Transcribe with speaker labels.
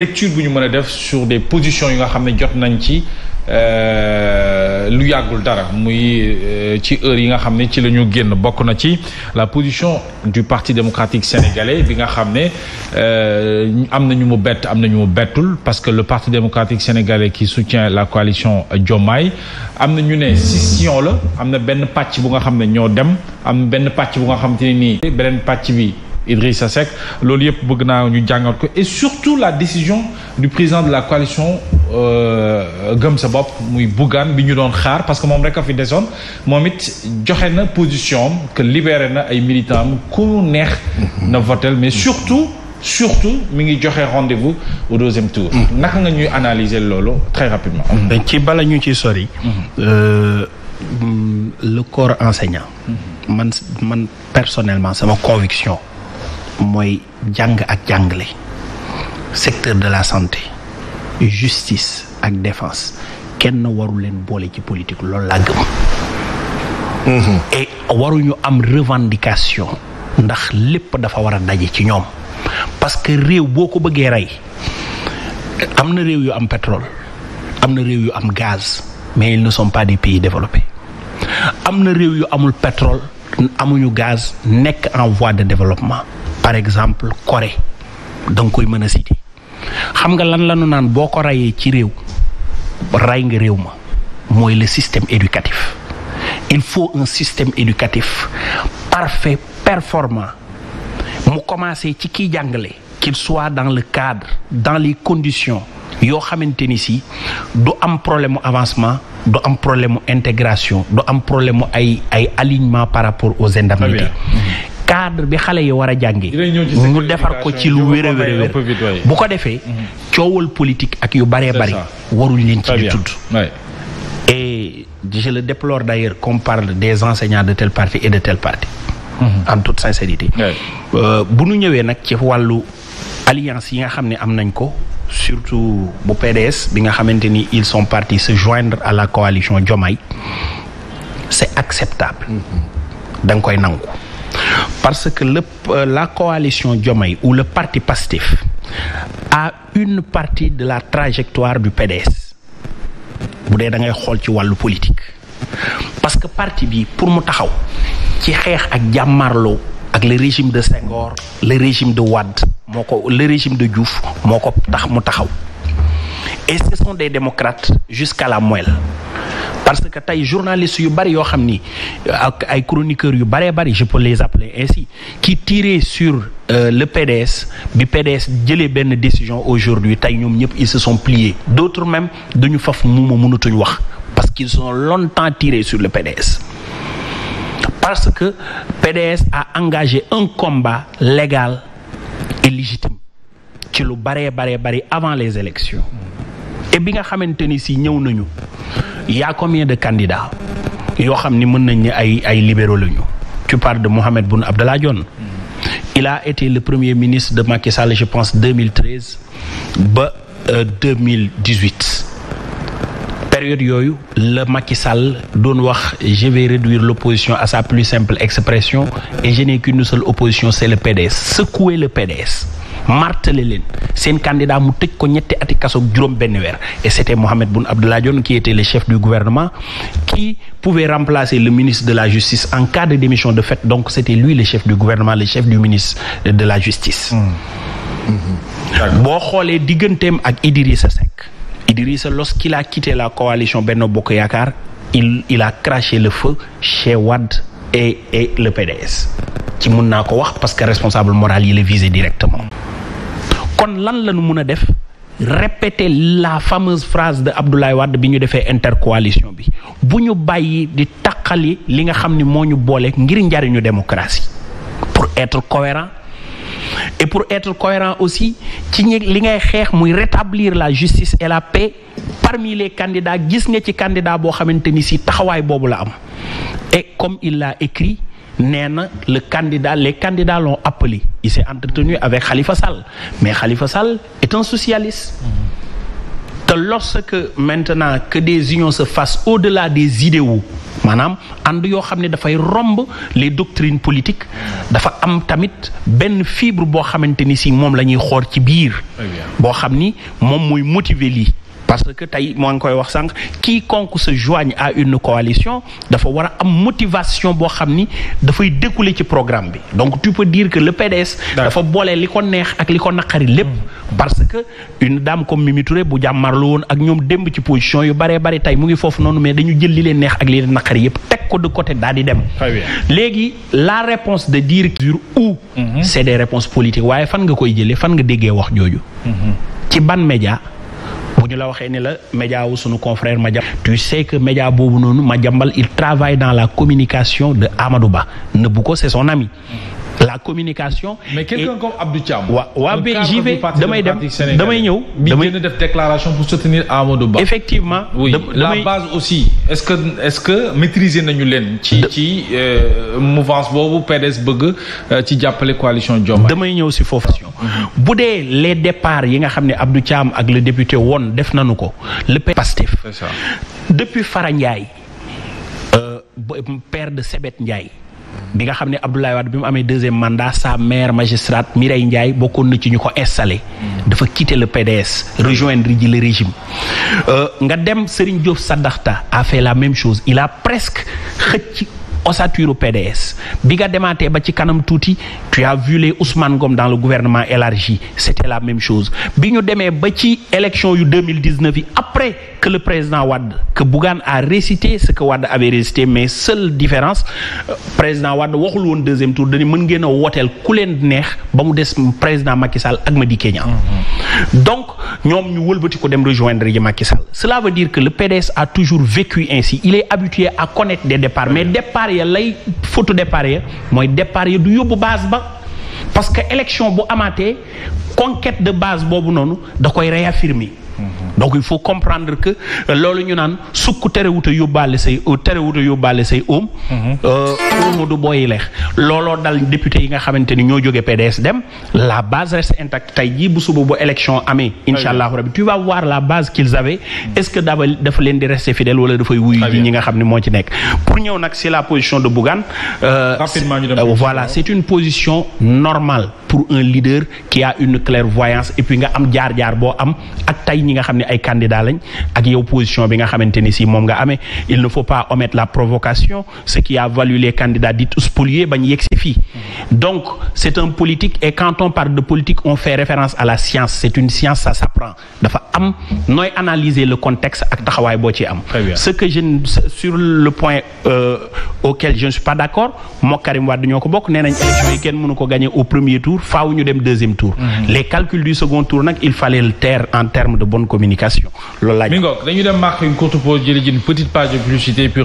Speaker 1: lecture bu ñu mën a def sur des positions yi nga xam ne jot nañ ci euh, lu yàggul dara muy euh, ci heure yi nga xam ne ci lañu génn bokk na ci la position du parti démocratique sénégalais bi nga xam ne euh, am na ñu mu bett am na ñu mu bettul parce que le parti démocratique sénégalais qui soutient la coalition Diomaye am na ñu ne scission la am na benn pàcc bu nga xam ne ñoo dem am benn pàcc bu nga xam te ne nii beneen pàcc bi. Idrissa Seck loolu yëpp bëgg naa ñu jàngat ko et surtout la décision du président de la coalition euh, gëm sa bopp muy Bougane bi ñu doon xaar parce que moom rek a fi desoon moom it joxe na position que libéré na ay militants ko ku neex na votel mais surtout surtout mi ngi joxe rendez-vous au deuxième tour. naka nga ñuy analyser loolu très rapidement. ci bala ñu ci sori. Mhm.
Speaker 2: Euh, le corps enseignant. Mhm. man man personnellement sama conviction. mooy jàng ak jàngale secteur de la santé justice ak défense kenn waru leen boole ci politique loolu laa gëm. Mm-hmm. et waruñu am revendication ndax lépp dafa war a daje ci ñoom parce que réew boo ko bëggee rey am na réew yu am petrole am na réew yu am gaz mais ils ne sont am na réew yu amul pétrole amuñu gaz nekk en voie de développement. par exemple Corée da nga koy mën a citer xam nga lan lanu naan boo ko rayee ci réew ray nga réew ma mooy le système éducatif il faut un système éducatif parfait performant mu commencé ci kiy jàngale qu'il soit dans le cadre dans les conditions yoo xamante ni si du am problème mu avancement du am problème mu intégration du am problème mu ay ay alignement par rapport aux indemnités ah cadre bi xale yi war a jàngi defar ko ci lu wér a bu ko defee coowal politique ak yu baree bari warul leen ci di tudd et je le déplore d'ailleurs qu'on parle des enseignants de tele parti et de tele parti mm-hmm. en toute sincérité euh, bu nu ñëwee nag ci wàllu alliance yi nga xam ne am nañ ko surtout bu PDS bi nga xamante ni ils sont partis se joindre à la coalition Diomaye c'est acceptable mm-hmm. da nga koy nangu parce que le, euh, la coalition Diomaye ou le parti Pastef
Speaker 1: a une
Speaker 2: partie de la trajectoire du PDS bu dee da ngay xool ci wàllu politique parce que parti bi pour mu taxaw ci xeex ak jàmmarloo ak le régime de sengor le régime de wadd moo ko le régime de Diouf moo ko tax mu taxaw et ce sont des démocrates jusqu'à la moelle parce que tey journalistes yu bari yoo xam ni ak ay chroniqueurs yu baree bari je peux les appeler ainsi qui tiraient sur euh, le PDS bi PDS jëlee benn décision aujourd'hui tey ñoom ñëpp ils se sont pliés d'autres même dañu faf muuma mënatuñ wax parce qu'ils ont longtemps tiré sur le PDS parce que PDS a engagé un combat légal et légitime ci lu baree baree bari avant les élections et bi nga xamante ni si ñëw nañu y a combien de candidats yoo xam ni mën nañ ne ay ay libéraux ñu tu par de Mohamed Boun Abdallah Dionne il a été le premier ministre de Macky Sall je pense 2013 ba 2018 euh, période yooyu la Macky Sall doon wax je vais réduire l'opposition à sa plus simple expression et je n'ai qu'une seule opposition c'est le PDS secouer le PDS martelé leen seen candidat mu teg ko ñetti ati juróom benn weer et c' était Mohamed Boun Abdallah Dionne qui était le chef du gouvernement qui pouvait remplacer le ministre de la justice en cas de démission de fait donc c' était lui le chef du gouvernement le chef du ministre de la justice. Mmh. Mmh. boo xoolee digganteem ak Idrissa Seck. Idrissa lorsqu'il a quitté la coalition Benno Bokk Yaakaar il il a craché le feu chez Wade et le PDS. ci mun naa ko wax parce que responsable moral yi la visé directement. kon lan la ñu mun a def répéter la fameuse phrase de Abdoulaye Wade bi ñu defee intercoalition bi bu ñu bàyyi di taqali li nga xam ni moo ñu boole ngir njariñu démocratie pour être cohérent et pour être cohérent aussi ci li ngay xeex muy rétablir la justice et la paix parmi les candidats gis nga ci candidat boo xamante ni si taxawaay boobu la am et comme il l'a écrit nee na le candidat les candidats l'ont appelé il s'est entretenu avec Khalifa Sall mais Khalifa Sall est un socialiste te lorsque maintenant que des unions se fassent au-delà des idéaux maanaam ànd yoo xam ne dafay romb les doctrines politiques dafa am tamit benn fibre boo xamante ni si moom la ñuy xool ci biir boo xam ni moom mooy motiver lii parce que tey moo ngi koy wax sànq quiconque se joigne à une coalition dafa war a am motivation boo xam ni dafay découler ci programme bi donc tu peux dire que le PDS dafa boole li ko neex ak li ko naqari lépp hmm. parce que une dame comme Mimi bu jàmmarloo woon ak ñoom démb ci position yu baree bari tey mu ngi foofu noonu mais dañu jël li leen neex ak li leen naqari yépp teg ko de côté daal di dem léegi la réponse de dire sur où hmm. c'est des réponses waaye fan koy jëlee fan nga déggee wax jooju
Speaker 1: hmm.
Speaker 2: ban média bu ñu la waxee ni la média sunu confrère Madiambal tu sais que média boobu noonu Madiambal il travaille dans la communication de Amadou Ba nëbbu ko c'est son ami la communication.
Speaker 1: mais quelqu'un comme Abdou Thiam. waa waa ba j'y vais damay dem damay ñëw. damay bi def déclaration pour soutenir Amadou Ba. effectivement oui la base aussi est-ce que est-ce que maîtriser nañu leen. ci ci euh, mouvance boobu PDS bëgg euh, ci jàppale coalition Diomaye. damay ñëw si foofu.
Speaker 2: bu dee les départs yi nga xam ne Abdou Thiam ak le député woon def nañu ko le Pastef. depuis Fara Ndiaye. Euh, père de Sebet Ndiaye. bi nga xam ne Abdoulaye Wade bi mu amee deuxième mandat sa maire magistrate Mireille Ndiaye bokkoon na ci ñu ko installé. dafa quitter le PDS rejoindre ji le régime euh, nga dem Serigne Diop Sadakhta a fait la même chose il a presque xëcc. ossature PDS bi nga demaatee ba ci kanam tuuti tu as vu les Ousmane Ngom dans le gouvernement élargi c'était la même chose bi ñu demee ba ci élection yu après que le président Wade que Bougane a récité ce que Wade avait récité mais seule différence euh, président Wade waxul woon deuxième tour dañu mën ngeen a woteel ku leen neex ba mu des président Macky Sall ak Madické Niang mm-hmm. donc ñoom ñu wëlbati ko dem rejoindre ji Macky cela veut dire que le PDS a toujours ya lay photo départ ya mooy départ ya du yóbbu base ba parce que élection bu amaatee conquête de base boobu noonu da koy réaffirmer donc il faut comprendre que euh, loolu ñu naan sukk terewut a yóbbaale say euh, terewut a yóbbaale say oom. Mhm. Euh, oom du booy leex looloo dal député yi nga xamante ni ñoo jógee PDS dem la base reste intacte tey jii bu suba bu élection amee. incha allahu rabi tu vas voir la base qu'ils avaient est ce que dafa leen di rester fidèle wala dafay wuyu ñi nga xam ne moo ci nekk. pour ñëw nag si la position de Bougane. rapidement ñu voilà c' une position normale pour un leader qui a une clairvoyance et nga am jaar-jaar ay candidats lañ ak yow position bi nga xamante ni moom nga amee il ne faut pas omettre la provocation ce qui a valu les candidats dits spoliés bañ yegsi c'est un politique et quand on de politique on fait référence à la science c'est une science ça s'apprend dafa am nooy analyser le contexte ak taxawaay boo ci am ce que je le point euh, auquel je ne suis pas d'accord moo Karim Wade ñoo ko bokk nee nañ élection yi kenn mënu ko gagner au premier tour faaw ñu dem deuxième mm-hmm.
Speaker 1: de bonne communication loolu laaj. mi ngoog dañuy dem marquer une petite page de publicité puis